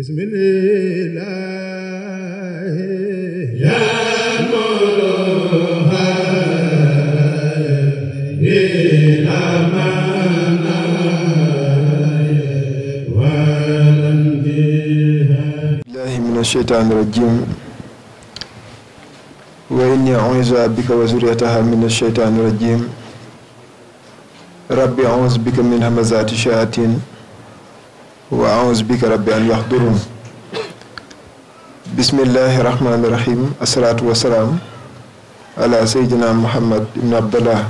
bismillah الشيطان الرجيم وإني أعوذ بك وذريتها من الشيطان الرجيم ربي أعوذ بك من همزات الشياطين wa aawuzu bika rabbi an yaxdurun bismillahi rahmaani rahim asalaatu wasalaam ala sayyidina muhammad ibn abdallah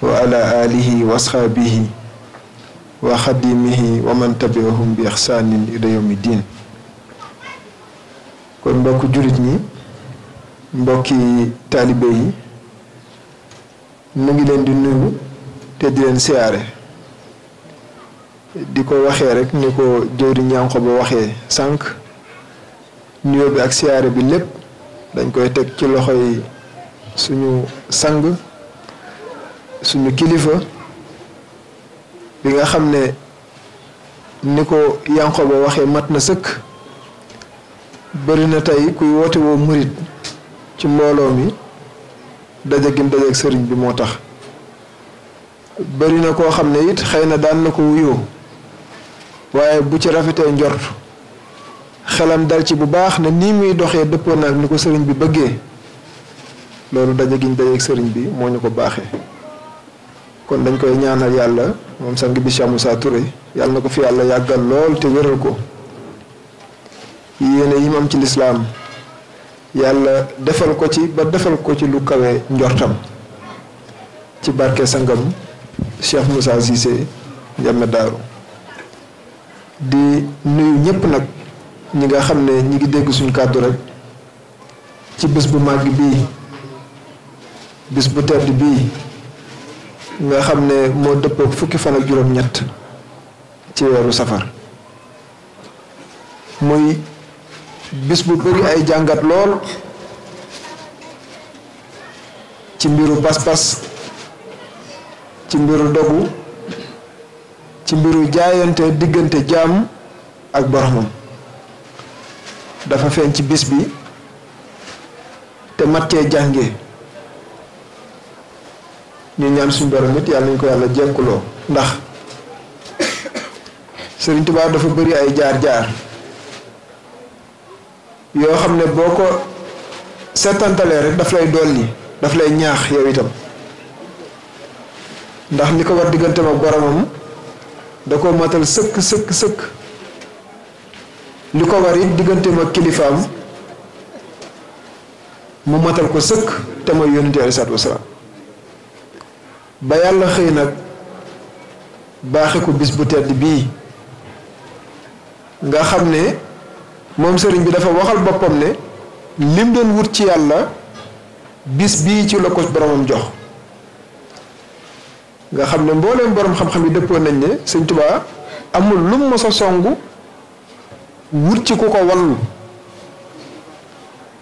wa ala alihi wa wa xadimihi wa man tabiahum bi ixsaanin ila yawmi diin kon mbokk jullit mbokki taalibe yi ngi leen di nuyu te leen siyaare di ko waxee rek ni ko jëwriñ ñànko ba waxee sànq nuyoo bi ak siyaare bi lépp dañ koy teg ci loxo yi suñu sang suñu kilifa bi nga xam ne ni ko yanko ba waxee mat na sëkk bëri na tey kuy woote woo ci mbooloo mi daja gim dajeeg sëriñ bi moo tax bëri koo xam ne it xëy na daan na ko wuyoo waaye bu ci rafetee njort xelam dal ci bu baax ne nii muy doxee dëppoon na ak ni ko sëriñ bi bëggee loolu daje giñ dajeeg sëriñ bi moo ñu ko baaxee kon dañ koy ñaanal yàlla moom sang bi Cheikh Moussa Touré yàlla na ko fi yàlla yàggal lool te wéral ko yéene yi mu am ci lislaam yàlla defal ko ci ba defal ko ci lu kawe njortam ci barke sangam Cheikh Moussa Cissé Ndiamé Daaru di nuyu ñëpp nag ñi nga xam ne ñi ngi dégg suñu kàddu rek ci bés bu màgg bii bis bu tedd bii nga xam ne moo dëppoog fukki fan ak juróom-ñett ci weeru safar muy bis bu bëri ay jàngat lool ci mbiru pas-pas ci mbiru dogu ci mbiru jaayante diggante jaam ak boromam dafa feeñ ci bis bi te mat cee jànge ñu ñaan suñu borom it yàlla nañ ko yàlla jekkuloo ndax Sëriñ Tuubaa dafa bëri ay jaar-jaar yoo xam ne boo ko seetantalee rek daf lay dolli daf lay ñaax yow itam ndax li ko war digganteem ak boromam da ko matal sëkk sëkk sëkk li ko war it digganteem ak kilifaam mu matal ko sëkk te mooy yonente aleyhi salaatu ba yàlla xëy nag baaxe ko bis bu tedd bii nga xam ne moom sëriñ bi dafa waxal boppam ne lim doon wut ci yàlla bis bii ci la ko boromam jox nga xam ne mbooleem boroom xam-xam yi dëppoo nañ ne sëñ Tuubaa amul lu mu mos songu wut ci ku ko wallu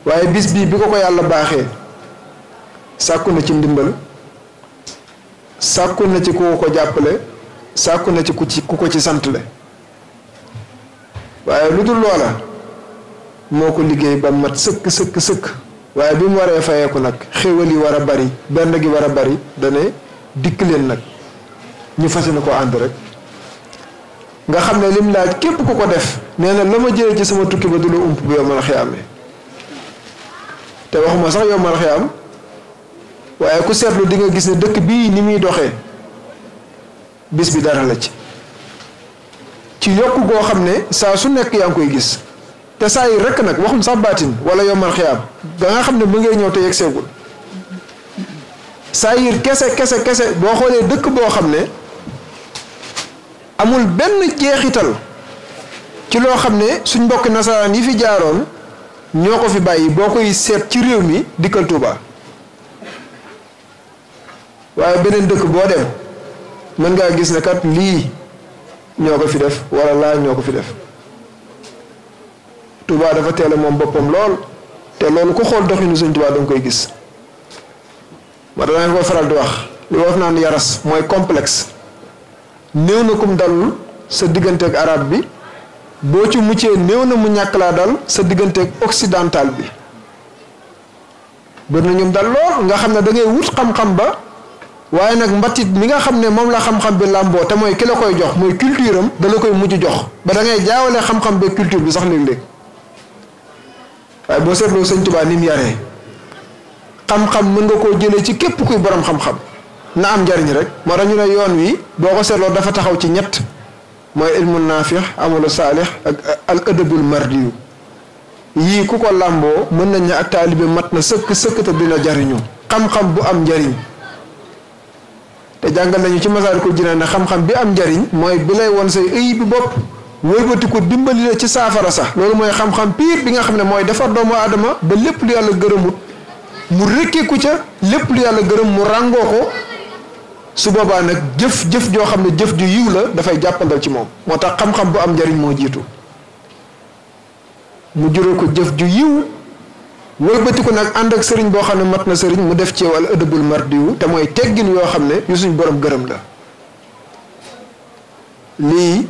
waaye bis bii bi ko ko yàlla baaxee sàkku na ci ndimbal sàkku na ci ku ko jàppale sàkku na ci ku ci ku ko ci santle waaye lu dul loola moo ko liggéey ba mat sëkk sëkk sëkk waaye bi mu waree fayeeku nag xéwal yi war a bari benn gi war a bari dane dikk leen nag ñu fas yéene ko ànd rek nga xam ne lim laaj képp ku ko def nee na la ma jëlee ci sama tukki ba du la ump bu yow man te waxuma sax yow man xiyaam waaye ku seetlu di nga gis ne dëkk bii ni muy doxee bis bi dara la ci ci yokk goo xam ne saa su nekk yaa ngi koy gis te saa yi rekk nag waxum sax baatin wala yow man xiyaam da nga xam ne mu ngay ñëw te yegg seegul saayir kese kese kese boo xoolee dëkk boo xam ne amul benn jeexital ci loo xam ne suñ mbokk nasaraan yi fi jaaroon ñoo ko fi bàyyi boo koy seet ci réew mi dikkal Touba waaye beneen dëkk boo dem mën ngaa gis ne kat lii ñoo ko fi def wala laa ñoo ko fi def Touba dafa teel a moom boppam lool te loolu ko xool doxinu Sëñ Touba danga koy gis ma dañ ko faral di wax li wax naan yaras mooy complexe néew na kum dalul sa ak arab bi boo ci muccee néew na mu ñàkk laa dal sa ak occidental bi bër na ñum dal lool nga xam ne da ngay wut xam-xam ba waaye nag mbatit mi nga xam ne moom la xam-xam bi làmboo te mooy ki la koy jox mooy culture am da la koy mujj jox ba da ngay jaawale xam-xam bi culture bi sax léeg-léeg waaye boo seetloo sëñ tubaa ni mu yaree xam-xam mën nga koo jëlee ci képp kuy boroom xam-xam na am njariñ rek moo tax ñu ne yoon wi boo ko seetloo dafa taxaw ci ñett mooy ilmu naafix amalu saalix ak al ëdëbul mardiyu yii ku ko làmboo mën nañ ne ak taalibe mat na sëkk sëkk te dina jariñu xam-xam bu am njariñ te jàngal nañu ci Masaalikul ko ne xam-xam bi am njariñ mooy bi lay woon say ëy bi bopp wëlbati dimbali la ci saafara sax loolu mooy xam-xam piir bi nga xam ne mooy defar doomu aadama ba lépp lu yàlla gërëmut mu rëkkee ku ca lépp lu yàlla gërëm mu ràngoo ko su boobaa nag jëf jëf joo xam ne jëf ju yiw la dafay jàppandal ci moom moo tax xam-xam bu am njariñ moo jiitu mu jural ko jëf ju yiw wëlbati ko nag ànd ak sëriñ boo xam ne mat na sëriñ mu def ci wal ëddëbul mardiwu te mooy teggin yoo xam ne yu suñ boroom gërëm la lii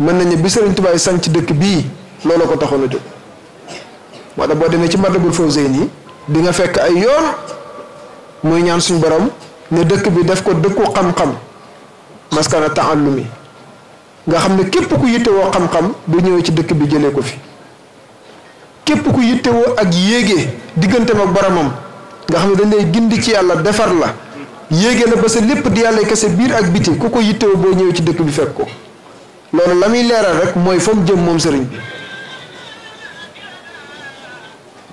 mën nañu bi sëriñ tubaay sanc ci dëkk bii looloo ko taxoon a jóg moo tax boo demee ci Matlabul Fawzayni di nga fekk ay yoon muy ñaan suñu borom ne dëkk bi def ko dëkku xam-xam maskana taallumi nga xam ne képp ku yittewoo xam-xam bu ñëwee ci dëkk bi jëlee ko fi képp ku yittewoo ak yéege digganteem ak boromam nga xam ne dañ lay gindi ci yàlla defar la yéege la ba sa lépp di yàlla kese biir ak biti ku ko yittewoo boo ñëwee ci dëkk bi fekk ko loolu la muy leeral rek mooy fa mu jëm moom sëriñ bi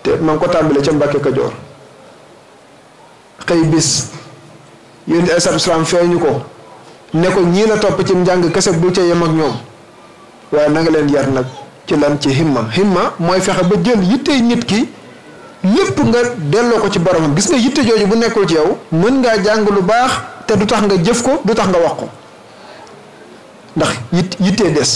te ma ngi ko tàmbalee ca Mbàkke Kajoor xëy bis yonent alayhi salaatu feeñu ko ne ko ñii la topp ci njàng kese bu ca yam ak ñoom waaye na leen yar nag ci lan ci himma himma mooy fexe ba jël yittey nit ki lépp nga delloo ko ci boromam gis nga yitte jooju bu nekkul ci yow mën ngaa jàng lu baax te du tax nga jëf ko du tax nga wax ko ndax yitt yittee des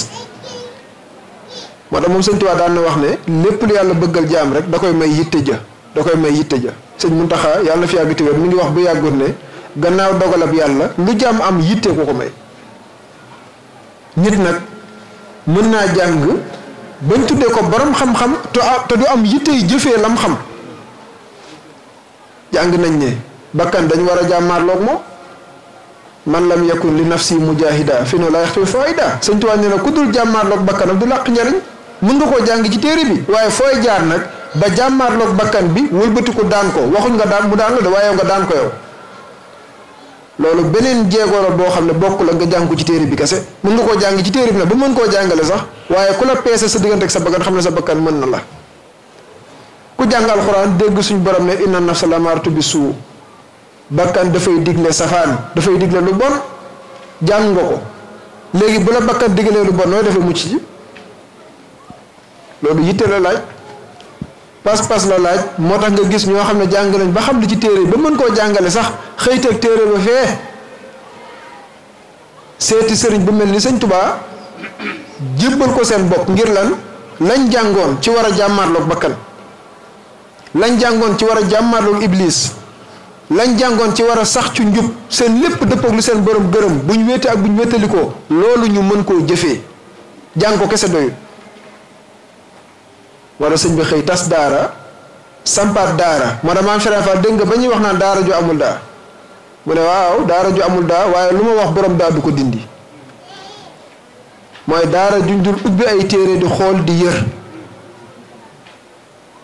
moo tax moom sëñ Tuubaa daan na wax ne lépp lu yàlla bëggal jaam rek da koy may yitte ja da koy may yitte ja sëñ Muntaxa yàlla na fi yàgg téwér mi ngi wax bu yàggut ne gannaaw dogalab yàlla lu jaam am yitte ko ko may mën naa jàng bañ tuddee ko borom xam te te du am yitte yi jëfee lam xam jàng nañ ne bakkan dañ war a jàmmaarloog moom man lam yakun li si mujahida fi no la yaxtu fayda sëñ Tuubaa nee na ku dul jàmmaarloog bakkanam du làq njariñ mundu ko koo ci téré bi waye foy jaar nak ba lok bakkan bi ko dan ko waxu nga dan mu dan la waye nga dan ko yow loolu benen jéego bo xamné bokku la nga jàng ko ci téré bi kasse mundu ko koo ci téré bi nag ba mën ko jàngale sax waye kula pécé sa diggante ak sa bakkan xamné sa bakkan mën na la ku alcorane dégg suñu borom né inna nafsa bisu, martu bi suu bakkan dafay digle da fay diglé lu bon jàng ko legi bu la bakkan diglé lu bon da fay mucc ci lolu yitte la laaj pas-pas la laaj motax nga gis ño xamné jang nañ ba xam li ci téré ba mën ko jangalé sax ak téré ba fé séti sëriñ bu melni sëñ tuba ko seen bok ngir lan lañ jangoon ci wara jamar lok bakkan lañ jangoon ci wara jamar lok iblis lañ jangoon ci wara sax ci njub seen depp ak lu seen borom gërëm buñ wété ak buñ wétaliko lolu ñu mën ko jëfé jang ko kese doyul wala señ bi xey tas daara sampaat daara mo dama am Serigne Fall dégg ba ñuy wax na daara ju amul daa mu ne waaw daara ju amul daa waaye lu ma wax borom daa du ko dindi mooy daara juñ dul ubbi ay téere di xool di yër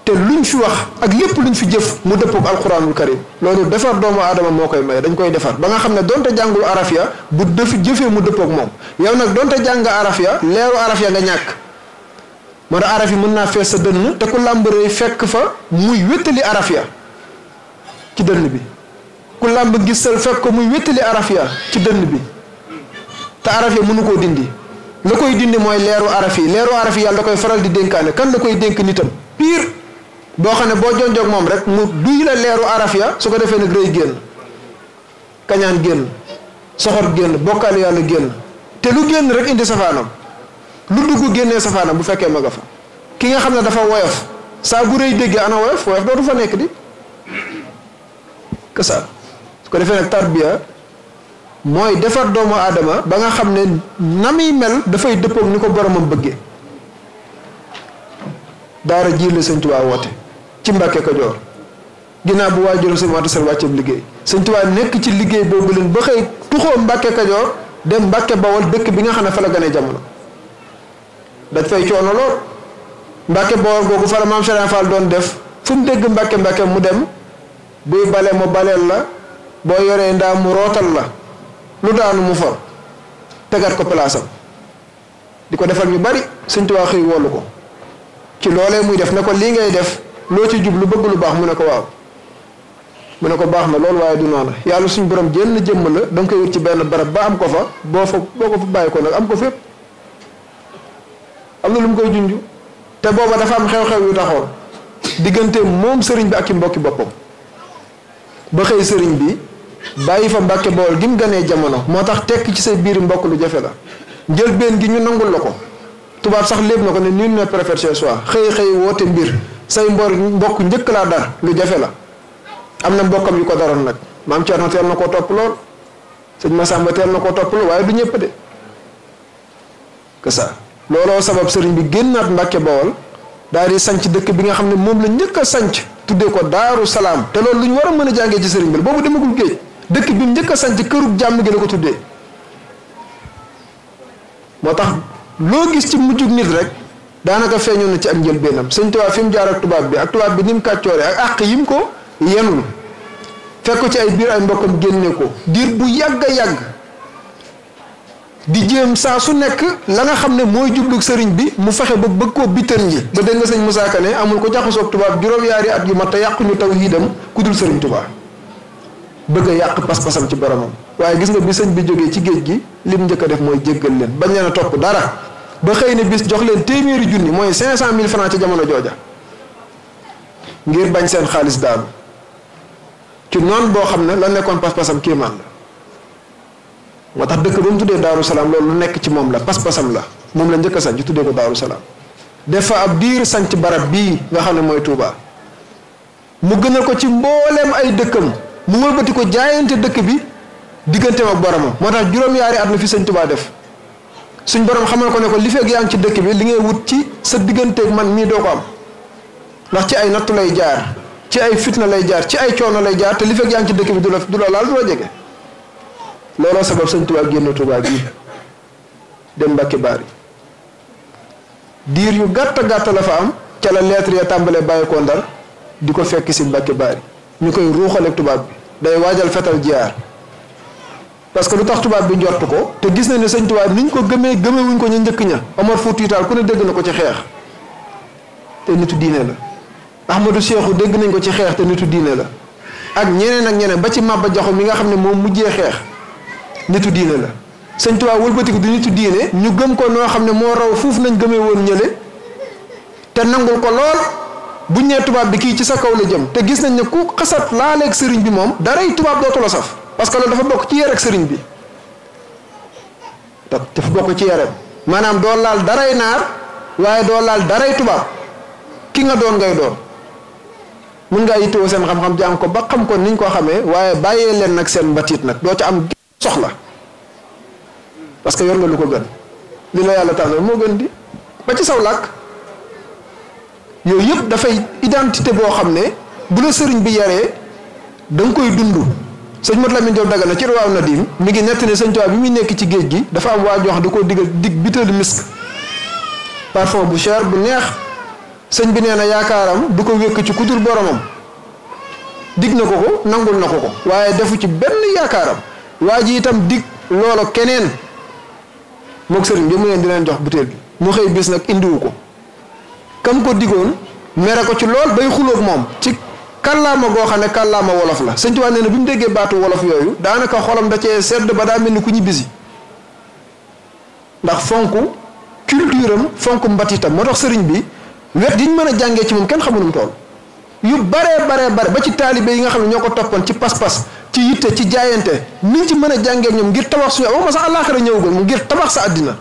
te luñ fi wax ak lépp luñ fi jëf mu dëpp ak alquranul karim loolu defar doomu aadama moo koy may dañ koy defar ba nga xam ne donte jàngul ya, bu def jëfee mu dëpp ak moom yow nag donte jàng arafia ya, leeru arafia ya nga ñàkk moo tax araf yi mën naa fees sa dënn te ku làmb rëy fekk fa muy wéttali araf ya ci dënn bi ku làmb gisal fekk ko muy wéttali araf ci dënn bi te araf ya mënu koo dindi la koy dindi mooy leeru araf yi leeru araf yi yàlla da koy faral di dénkaane kan la koy dénk nitam pire boo xam ne boo jonjoog moom rek mu duy la leeru araf ya su ko defee nag rëy génn kañaan génn soxor génn bokkaale yàlla génn te lu génn rek indi safaanam lu dugg génnee safaana bu fekkee ma nga fa ki nga xam ne dafa woyof saa bu rëy déggee ana woyof woyof dootu fa nekk di que su ko defee nag tarbiya mooy defar doomu aadama ba nga xam ne na muy mel dafay dëppoog ni ko boromam bëggee daara ji la sëñ Tuubaa woote ci Mbàkke Kajoor ginnaaw bu waajuram sëñ Maodo Sall liggéey sëñ Tuubaa nekk ci liggéey boobu leen ba xëy tuxoo Mbàkke Kajoor dem Mbàkke Bawol dëkk bi nga xam ne fa la gane jamono daj fay coono lool mbàkke boor googu fara maam Serigne doon def fu mu dégg mbàkke mbàkke mu dem buy bale mu baleel la boo yoree ndaa mu rootal la lu daanu mu for tegaat ko palaasam di ko defal ñu bari Sëñ Tuubaa xëy wolu ko ci loolee muy def ne ko lii ngay def loo ci jub lu bëgg lu baax mu ne ko waaw mu ne ko baax na lool waaye du noonu yàlla suñu borom jenn jëmm la danga koy wut ci benn barab ba am ko fa boo fa boo ko bàyyi ko nag am ko fépp amna na lu mu koy junj te booba dafa am xew-xew yu taxoon digeunte mom serigne bi ak mbokki boppam ba xey serigne bi bàyyi fa mbacke bol gim gane jamono motax tek ci sey bir mbokk lu jafe la ben gi ñu nangul lako ko sax lepp na ne ñun ne préfère ce soir xey xey wote mbir say mbor mbokk ñeuk la dar lu jafe la am mbokkam yu ko daron nak maam ci teel tel nako top lool sëñ Massamba teel nako top topp lool waaye du ñepp de que ça looloo sabab sëriñ bi génnaat Mbàkke Bawol daal di sanc dëkk bi nga xam ne moom la njëkk a sanc tuddee ko Daaru Salaam te loolu lu ñu war a mën a jàngee ci sëriñ bi la boobu demagul géej dëkk bi mu njëkk a sanc kërug jàmm gi la ko tuddee moo tax loo gis ci mujjug nit rek daanaka feeñoon na ci am njëlbéenam sëñ tubaab fi mu jaar ak tubaab bi ak tubaab bi ni mu kàccoore ak àq yi mu ko yenul fekk ci ay biir ay mbokkam génne ko diir bu yàgg a yàgg di jéem saa su nekk la nga xam ne mooy jublu sëriñ bi mu fexe ba bëgg koo bittan ji ba dégg nga sëñ Moussa Ka amul ko jaxasoog tubaab juróom-yaari at yu ma te yàqu ñu taw hiidam ku dul sëriñ tubaab bëgg a yàq pas-pasam ci boromam waaye gis nga bi sëñ bi jógee ci géej gi lim njëkk def mooy jéggal leen bañ leen a topp dara ba xëy na bis jox leen téeméeri junni mooy cinq cent mille francs ci jamono jooja ngir bañ seen xaalis daanu ci noonu boo xam ne la nekkoon pas-pasam kéemaan la moo tax dëkk ba mu tuddee daaru salaam loolu lu nekk ci moom la pas-pasam la moom la njëkk a sanc tuddee ko daaru salaam def fa ab diir sanc barab bii nga xam ne mooy Touba mu gënal ko ci mbooleem ay dëkkam mu wëlbati ko dëkk bi digganteem ak boromam moo tax juróom-yaari at na fi sëñ Touba def suñ borom xamal ko ne ko li fekk yaa ci dëkk bi li ngay wut ci sa digganteeg man mii doo ko am ndax ci ay nattu lay jaar ci ay fitna lay jaar ci ay coono lay jaar te li fekk yaa ngi du la laal du la Loro sabab sëñ Tuubaa génn tuba gi dem Mbàkke bari diir yu gàtt gàtt la fa am ca la lettre ya tàmbalee bàyyi ko ndar di ko fekk si Mbàkke Baari ñu koy ruuxaleeg tubaab bi day waajal fetal jiyaar parce que lu tax tubaab bi njort ko te gis na ne sëñ tubaab niñ ko gëmee gëmewuñ ko ñu njëkk ña Omar fu Taal ku ne dégg na ko ci xeex te nitu diine la Ahmadou Cheikhou dégg nañ ko ci xeex te nitu diine la ak ñeneen ak ñeneen ba ci Maba joxo mi nga xam ne moom mujjee nitu diine la sëñ Tuubaa wëlbatiku di nitu diine ñu gëm ko noo xam ne moo raw foofu nañ gëmee woon ñële te nangul ko lool buñ nee tubaab bi kii ci sa kaw la jëm te gis nañ ne ku xasat laaleeg sëriñ bi moom daray tubaab dootu la saf parce que loolu dafa bokk ci yar ak sëriñ bi dafa bokk ci yaram maanaam doo laal daray naar waaye doo laal daray tubaab ki nga doon ngay doon mun ngaa yittewoo seen xam-xam jàng ko ba xam ko niñ ko xamee waaye bàyyee leen nag seen mbatiit nag doo ca am soxla parce que yor nga lu ko gën li la yàlla tànnal moo gën di ba ci saw làkk yooyu yëpp dafay identité boo xam ne bu la sëriñ bi yaree da koy dund sëñ Mat Lamin Jóob Dagana ci Riwaa'u Nadiim mi ngi nett ne sëñ Tuubaa bi muy nekk ci géej gi dafa am waa jox du da koo digal dig bitéelu misk parfum bu cher bu neex sëñ bi nee na yaakaaram du ko wékk ci kudul boromam dig na ko ko nangul na ko ko waaye defu ci benn yaakaaram waa ji itam dig loola keneen mook sëriñ bi mu leen di leen jox butéel bi mu xëy bis nag indiwu ko kam ko digoon mere ko ci lool bay xuloog moom ci kàllaama goo xam ne kàllaama wolof la sëñ Tuubaa na bi mu déggee baatu wolof yooyu daanaka xolam da cee sedd ba daa mel ni ku ñibbisi ndax fonk culture am fonk mbatitam moo tax sëriñ bi wet diñ mën a jàngee ci moom kenn xamunum tool yu baree baree bare ba ci taalibe yi nga xam ne ñoo ko toppoon ci pas-pas ci yitte ci jaayante niñ ci mën a jàngee ñoom ngir tabax suñu waxuma sax ñëw ñëwagul mu ngir tabax sa àddina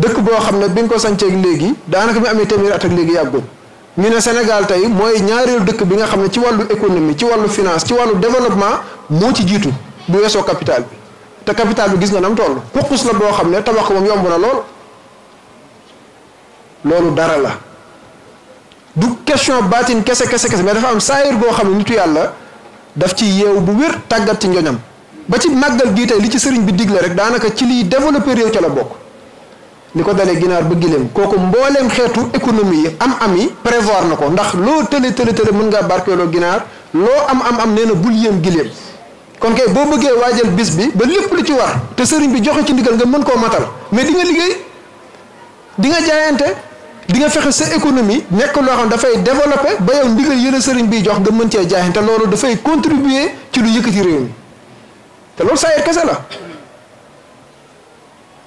dëkk boo xam ne bi nga ko sañceeg léegi daanaka mi amee téeméeri at ak léegi yàggul ñu ne Sénégal tey mooy ñaareelu dëkk bi nga xam ne ci wàllu économie ci wàllu finance ci wàllu développement moo ci jiitu bu weesoo capital bi te capital bi gis nga nam toll xuqus la boo xam ne tabax ko moom yomb na lool loolu dara la du question baatin kese kese kese mais am saayir boo xam ne nitu yàlla daf ci yeew bu wér tàggat ci njoñam ba ci màggal gii tey li ci sëriñ bi digle rek daanaka ci liy développé réew ca la bokk li ko dalee ginaar ba gileem kooku mbooleem xeetu économie yi am am yi prévoir na ko ndax loo tële tële tële mën ngaa barkeeloo ginaar loo am am am nee na bul yéem gileem kon kay boo bëggee waajal bis bi ba lépp li ci war te sëriñ bi joxe ci ndigal nga mën koo matal mais di nga liggéey di nga jaayante di nga fexé sa économie nek lo xam fay développer ba yow ndigal yële serigne bi jox nga mën jaay té lolu da fay contribuer ci lu yëkëti réew mi lolu loolu saa kese la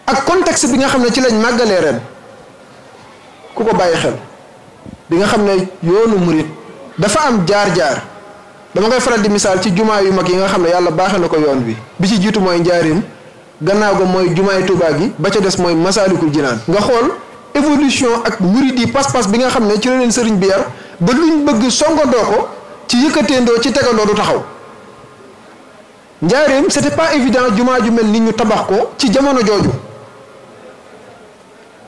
ak contexte bi nga xamné ci lañ magalé ren ku ko bàyyi xel bi nga xamné ne yoonu murit dafa am jaar-jaar dama koy faral di misal ci juma yu mag yi nga xamné yalla baxé nako yoon bi bi ci jitu moy ndiarim gannaaw ga jumaay touba gi ba ca dess moy masalikul jinan nga xol évolution ak murid yi pas-pas bi nga xam ne ci la leen sëriñ bi yar ba ñu bëgg songandoo ko ci yëkkateendoo ci tegaloo du taxaw njaareem c'était pas évident jumaa ju mel ni ñu tabax ko ci jamono jooju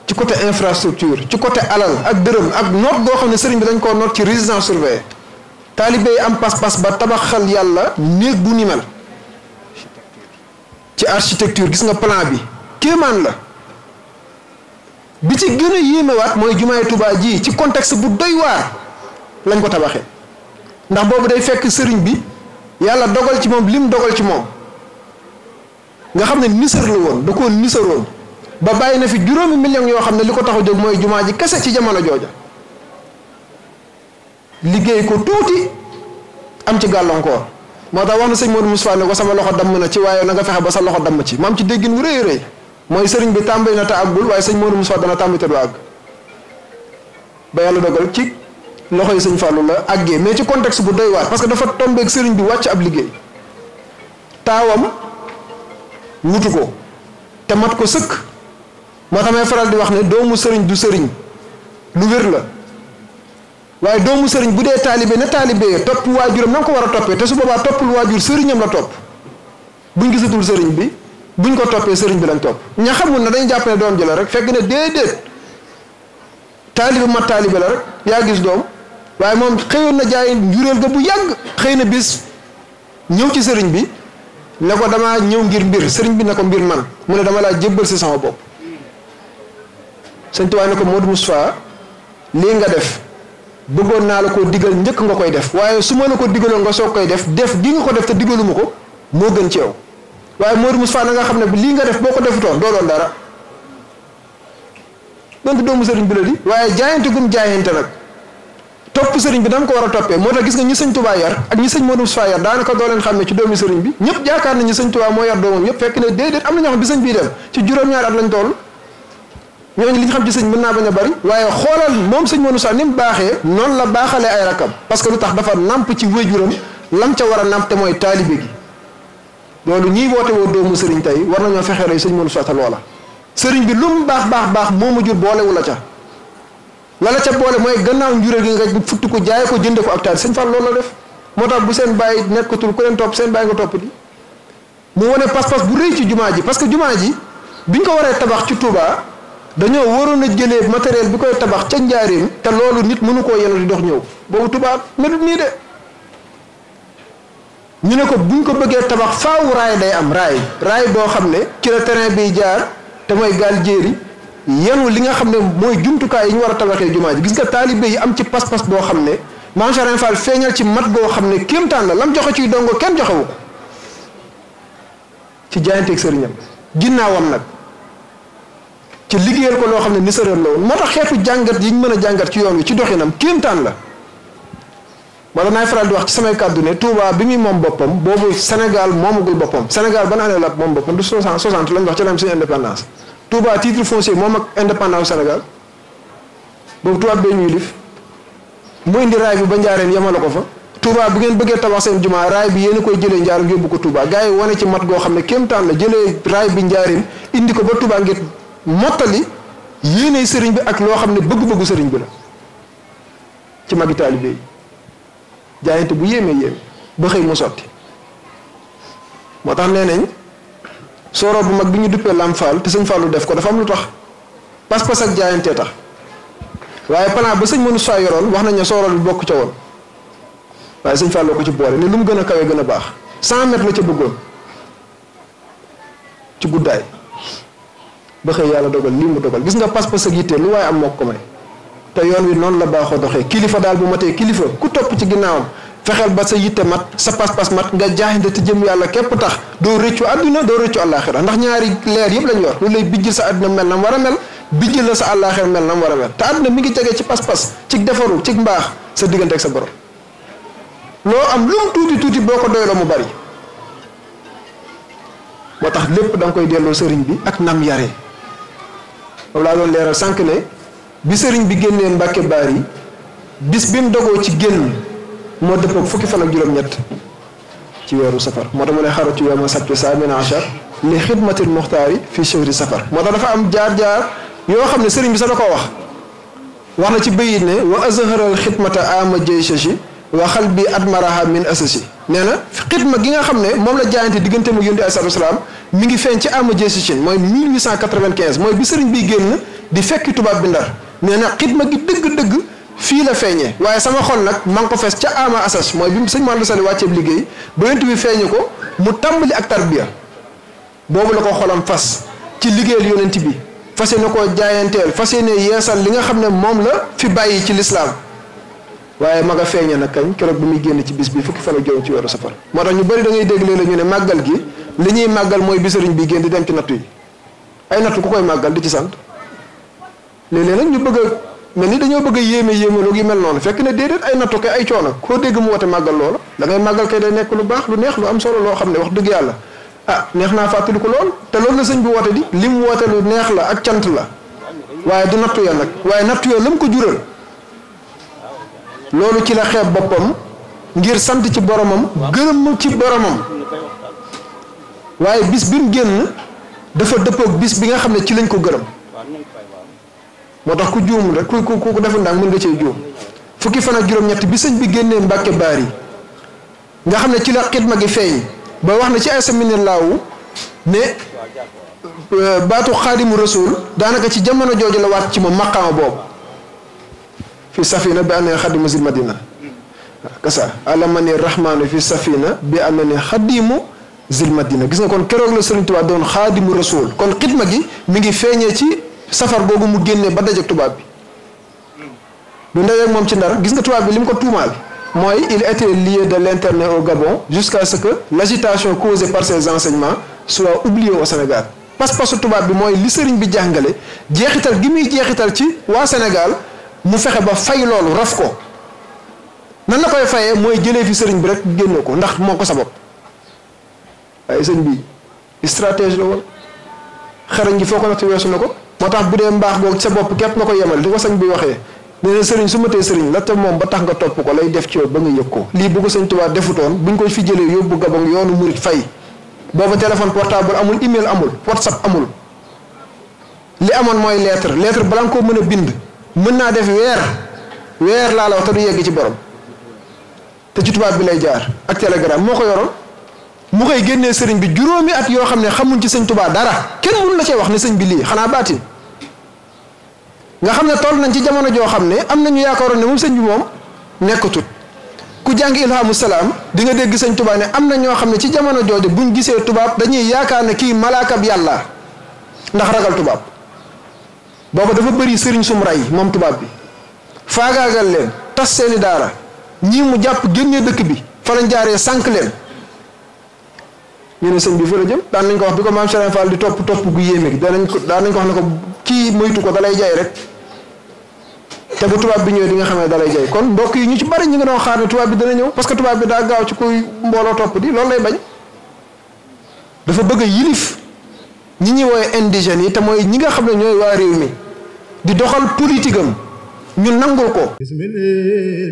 ci côté infrastructure ci côté alal ak dërëm ak noot goo xam ne sëriñ bi dañ koo noot ci résidence surveillée taalibe yi am pas-pas ba tabaxal yàlla néeg bu ni mel ci architecture gis nga plan bi kéemaan la bi ci gën a yéemewaat mooy jumaay Tuubaa ji ci contexte bu doy waar lañ ko tabaxee ndax boobu day fekk sëriñ bi yàlla dogal ci moom lim dogal ci moom nga xam ne nisar la woon da koo nisaroon ba bàyyi na fi juróomi million yoo xam ne li ko tax a mooy jumaa ji kese ci jamono jooja liggéey ko tuuti am ci gàllankoor moo tax wax na sëñ Modou Moustapha ne ko sama loxo damm na ci waaye na nga fexe ba sa loxo damm ci maam ci déggin wu rëy rëy mooy sëriñ bi tàmbali na te àggul waaye sëñ Modou Moussa dana tàmbali te du àgg ba yàlla dogal ci loxo yi sëñ Fallou la àggee mais ci context bu doy waar parce que dafa tombeeg sëriñ bi wàcc ab liggéey taawam wutu ko te mat ko sëkk moo tax may faral di wax ne doomu sëriñ du sëriñ lu wér la waaye doomu sëriñ bu dee taalibe ne taalibe topp waajuram na ko war a toppee te su boobaa toppul waajur sëriñam la topp buñ gisatul sëriñ bi. buñ ko toppee sëriñ bi lañ topp ña xamul ne dañ jàpp doom ji rek fekk ne déedéet taalibe ma taalibe la rek yaa gis doom waaye moom xëyoon na jaay njuréel ga bu yàgg xëy na bis ñëw ci sëriñ bi ne ko dama ñëw ngir mbir sëriñ bi ne ko mbir man mu ne dama laa jébbal si sama bopp sëñ tuwaay ne ko Modou Moustapha lii nga def bëggoon naa la koo digal njëkk nga koy def waaye su ma la ko digaloon nga soog def def gi nga ko def te digaluma ko moo gën ci yow waaye Mor Moussa na nga xam ne bi lii nga def boo ko defutoon doo doon dara doomu sëriñ bi la di waaye jaayante gum jaayante nag topp sëriñ bi dama ko war a toppee moo tax gis nga ñi sëñ Tuubaa yar ak ñi sëñ Mor Moussa yar daanaka doo leen xam ne ci doomu bi ñëpp yaakaar nañ ñi sëñ Tuubaa moo yar doomam ñëpp fekk ne déedéet am na ñoo xam bi sëñ bii dem ci juróom-ñaari at lañ toll ñooñu li ñu xam ci sëñ mën naa bañ a bari waaye xoolal moom sëñ Mor sax ni mu baaxee noonu la baaxalee ay rakam parce que lu tax dafa namp ci wéjuram lam war a namp mooy taalibe gi lolu ñi woote wo doomu sëriñ tay war nañu fexé ray sëñ mënu sotta lola sëriñ bi lum bax bax bax momu jur bolé wu la ca la la ca bolé moy gannaaw njure gi nga futtu ko jaay ko jënd ko ak taar sëñ fal lolu la def motax bu sen bay nekkatul ku len top sen bay nga top di mu woné pass pass bu reuy ci jumaa ji parce que jumaa ji biñ ko waré tabax ci Touba dañoo waroon a matériel bi koy tabax ca njaareem té lolu nit mënu ko yenu di dox ñew bo Touba mënu ni de ñu ne ko buñ ko bëggee tabax faaw raay day am raay raay boo xam ne ci la terrain bi jaar te mooy gaal jéeri yenu li nga xam ne mooy jumtukaay yi ñu war a tabaxee jumaa ji gis nga taalibe yi am ci pas-pas boo xam ne Mame Cheikh Ibra Fall feeñal ci mat goo xam ne kéemtaan la lam joxe ciy dongo kenn joxewu ko ci jaayanteeg sëriñam ginnaawam nag ci liggéeyal ko loo xam ne ni sëriñam la woon moo tax xeetu jàngat yi ñu mën a jàngat ci yoon wi ci doxinam kéemtaan la ma danaay faral di wax ci samay kàddu ne Touba bi muy moom boppam boobu Sénégal moomagul boppam Sénégal ban année moom boppam du 60 60 lañ wax ci la am suñu indépendance Touba titre foncier moom ak indépendance Sénégal boobu tubaab bee ñu yilif mu indi raay bi ba ko fa Touba bu ngeen bëggee tabax seen jumaa bi yéen koy jëlee njaarim yóbbu ko Touba gars yi wane ci mat goo xam ne kéemtaan la jëlee raay bi njaarim indi ko ba Touba ngir mottali yéeney sëriñ bi ak loo xam ne bëgg-bëggu sëriñ bi la ci magi taalibe yi jaayante bu yéemee yéem ba xëy mu sotti moo tax nee nañ sooroo bu mag bi ñu duppee Lam Fall te sëñ Fallu def ko dafa am lu tax pas-pas ak jaayantee tax waaye plan ba sëñ mënu soi yoroon wax nañ ne sooroo bi bokk ca woon waaye sëñ Falloo ko ci boole ne lu mu gën a kawee gën a baax 100 mètres la ca bëggoon ci guddaay ba xëy yàlla dogal lii mu dogal gis nga pas-pas ak yitte lu waaye am moo ko may te yoon wi noonu la baaxoo doxee kilifa daal bu matee kilifa ku topp ci ginnaawam fexeel ba sa yitte mat sa pas-pas mat nga jaaxinde te jëm yàlla képp tax doo rëccu àdduna doo rëccu àllaaxira ndax ñaari leer yëpp lañ yor lu lay bijjil sa àdduna mel nam war a mel bijjil la sa àllaaxira mel nam war a mel te àdduna mi ngi jege ci pas-pas ci defaru ci mbaax sa diggante ak sa borom loo am lu mu tuuti tuuti boo ko doyloo mu bari moo tax lépp da nga koy delloo sëriñ bi ak nam yare moom laa doon leeral sànq ne bi sëriñ bi génnee Mbàkke Baar yi bis bi mu dogoo ci génn moo dëppook fukki fan ak juróom-ñett ci weeru safar moo tax mu ne xaratu yow ma sabti saa min achar li xidmatil muxtaari fi chehri safar moo tax dafa am jaar-jaar yoo xam ne sëriñ bi sax da koo wax wax na ci bayit ne wa azharal xidmata ama jeysashi wa xal bi admaraha min asasi nee na xidma gi nga xam ne moom la jaayante diggante mu yundi alayhi salaam mi ngi feeñ ci ama jeysashi mooy 1895 mooy bi sëriñ bi génn di fekki tubaab bi ndar nee na xidma gi dëgg-dëgg fii la feeñee waaye sama xol nag maa ngi ko fees ca ama asas mooy bi mu sëñ Maodo Sane wàcceeb liggéey ba yent bi feeñe ko mu tàmbali ak tarbiya boobu la ko xolam fas ci liggéeyal yonent bi fas yéene ko jaayanteel fas yéene yeesal li nga xam ne moom la fi bàyyi ci lislaam waaye ma nga feeñe nag kañ keroog bi muy génn ci bis bi fukki fan ak juróom ci weeru safar moo tax ñu bëri da ngay dégg léeg ñu ne màggal gi li ñuy màggal mooy bi bi génn di dem ci nattu yi ay nattu ku koy màggal di ci sant léeg-léeg ñu bëgg mel ni dañoo bëgg a yéeme yéemaloo gi mel noonu fekk ne déedéet ay nattu kay ay coono koo dégg mu woote màggal loola da màggal kay day nekk lu baax lu neex lu am solo loo xam ne wax dëgg yàlla ah neex naa fàttali ko lool te loolu la sëñ bi woote di li mu woote neex la ak cant la waaye du nattu ya nag waaye nattu ya la mu ko jural loolu ci la xeeb boppam ngir sant ci boromam gërëm ci boromam waaye bis bi mu génn dafa dëppoog bis bi nga xam ne ci lañ ko gërëm moo tax ku juum rek ku ku ku deful ndànk mën nga cee juum fukki fan ak juróom-ñett bi sëñ bi génnee Mbàkke Baari nga xam ne ci la xidma gi feeñ ba wax na ci ay samine laawu ne euh, baatu xaadimu rasul daanaka ci jamono jooju la waat ci moom maqaama boobu fi safina bi annani xadimu zil madina kasa alamani rahmaanu fi safina bi annani xadimu zil madina gis nga kon keroog la Sëriñ Tuubaa doon xaadimu rasul kon xidma gi mi ngi feeñee ci safar googu mu génnee ba dajak tubaab bi lu ak moom ci ndar gis nga tubaab bi lim ko tuumaal mooy il était lié de l'internet au Gabon jusqu'à ce que l'agitation causée par ses enseignements soit oubliée au Sénégal pas-pasu tubaab bi mooy li sëriñ bi jàngale jeexital gi muy jeexital ci waa Sénégal mu fexe ba fay loolu raf ko nan la koy fayee mooy jëlee fi sëriñ bi rek génne ko ndax moo ko sabab waaye sëriñ bi stratégie la woon xarañ gi foo ko natt weesu na ko moo tax bu dee mbaax googu sa bopp képp nga ko yemal li ko sëñ bi waxee nee na sëriñ su ma tee sëriñ la te moom ba tax nga topp ko lay def ci yow ba nga yëg ko lii bu ko sëñ Tuubaa defutoon buñ ko fi jëlee yóbbu gabon yoonu murit fay booba téléphone portable amul email amul whatsapp amul li amoon mooy lettre lettre balaa nga koo mën a bind mën naa def weer weer laa la wax te du yegg ci borom te ci tubaab bi lay jaar ak telegram moo ko yoroon mu koy génnee sëriñ bi juróomi at yoo xam ne xamuñ ci sëñ tubaab dara kenn mënu la cee wax ne sëñ bi lii xanaa baatin nga xam ne toll nañ ci jamono joo xam ne am nañu yaakaaroon ne moom sëñ moom nekkatut ku jàng ilhamu salaam di nga dégg sëñ ne am na ñoo xam ne ci jamono jooju buñ gisee tubaab dañuy yaakaar ne kii malaakab yàlla ndax ragal tubaab booba dafa bëri sëriñ sum ray moom tubaab bi faagaagal leen tas seeni daara ñii mu jàpp génnee dëkk bi fa lañ jaaree sànq leen ñu ne sëñ bi fa la jëm daan nañ ko wax bi ko maam Serigne Fall di topp topp gu yéeme gi daan ko daan nañ ko wax ne ko kii moytu ko dalay jay rek te bu tubaab bi ñëwee di nga xam dalay jay kon mbokk yi ñu ci bari ñu ngi doon xaar ne tubaab bi dana ñëw parce que tubaab bi daa gaaw ci kuy mbooloo topp di loolu lay bañ dafa bëgg yilif ñi ñi woy indigène yi te mooy ñi nga xam ne ñooy waa réew mi di doxal politique am ñu nangul ko bismillah